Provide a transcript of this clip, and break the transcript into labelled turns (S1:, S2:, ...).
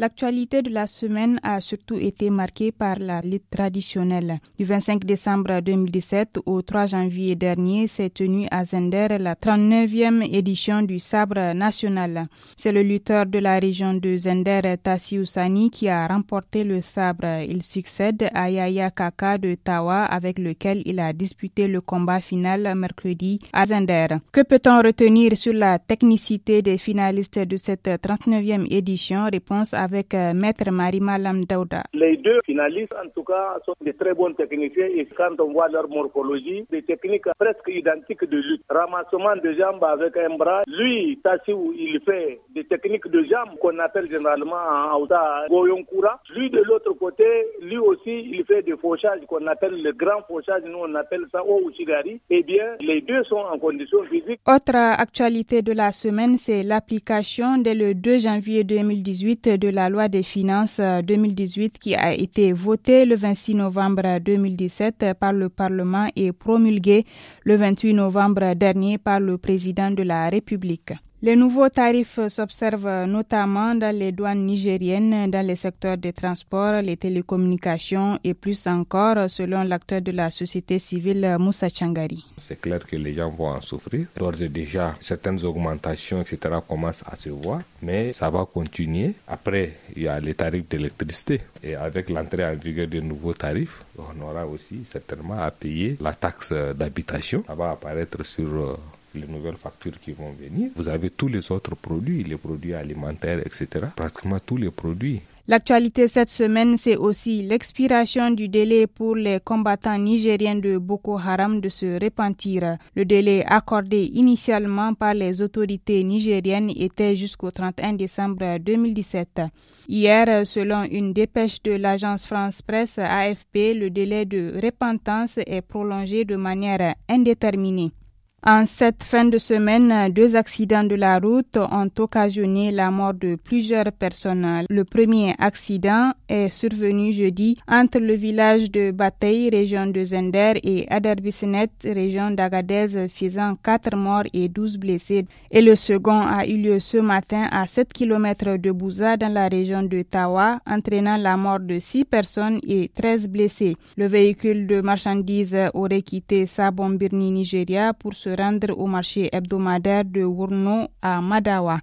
S1: L'actualité de la semaine a surtout été marquée par la lutte traditionnelle. Du 25 décembre 2017 au 3 janvier dernier s'est tenue à Zender la 39e édition du sabre national. C'est le lutteur de la région de Zender, Tassi qui a remporté le sabre. Il succède à Yaya Kaka de Tawa avec lequel il a disputé le combat final mercredi à Zender. Que peut-on retenir sur la technicité des finalistes de cette 39e édition Réponse à avec euh, Maître Marie-Malam Daouda.
S2: Les deux finalistes, en tout cas, sont de très bons techniciens et quand on voit leur morphologie, des techniques presque identiques de lutte. Ramassement de jambes avec un bras. Lui, Tassiou, il fait des techniques de jambes qu'on appelle généralement en Aouda Goyonkura. Lui, de l'autre côté, lui aussi, il fait des fauchages qu'on appelle le grand fauchage. Nous, on appelle ça Ouchigari. Eh bien, les deux sont en condition physique.
S1: Autre actualité de la semaine, c'est l'application dès le 2 janvier 2018 de la la loi des finances 2018 euh, qui a été votée le 26 novembre 2017 par le Parlement et promulguée le 28 novembre dernier par le président de la République. Les nouveaux tarifs s'observent notamment dans les douanes nigériennes, dans les secteurs des transports, les télécommunications et plus encore, selon l'acteur de la société civile Moussa Changari.
S3: C'est clair que les gens vont en souffrir. D'ores et déjà, certaines augmentations, etc., commencent à se voir, mais ça va continuer. Après, il y a les tarifs d'électricité et avec l'entrée en vigueur des nouveaux tarifs, on aura aussi certainement à payer la taxe d'habitation. Ça va apparaître sur euh, les nouvelles factures qui vont venir. Vous avez tous les autres produits, les produits alimentaires, etc. Pratiquement tous les produits.
S1: L'actualité cette semaine, c'est aussi l'expiration du délai pour les combattants nigériens de Boko Haram de se repentir. Le délai accordé initialement par les autorités nigériennes était jusqu'au 31 décembre 2017. Hier, selon une dépêche de l'agence France-Presse AFP, le délai de repentance est prolongé de manière indéterminée. En cette fin de semaine, deux accidents de la route ont occasionné la mort de plusieurs personnes. Le premier accident est survenu jeudi entre le village de Bataille, région de Zender, et Adarbisnet, région d'Agadez, faisant quatre morts et 12 blessés. Et le second a eu lieu ce matin à 7 km de Bouza, dans la région de Tawa, entraînant la mort de six personnes et 13 blessés. Le véhicule de marchandises aurait quitté Sabombirni, Nigeria, pour se rendre au marché hebdomadaire de Wurno à Madawa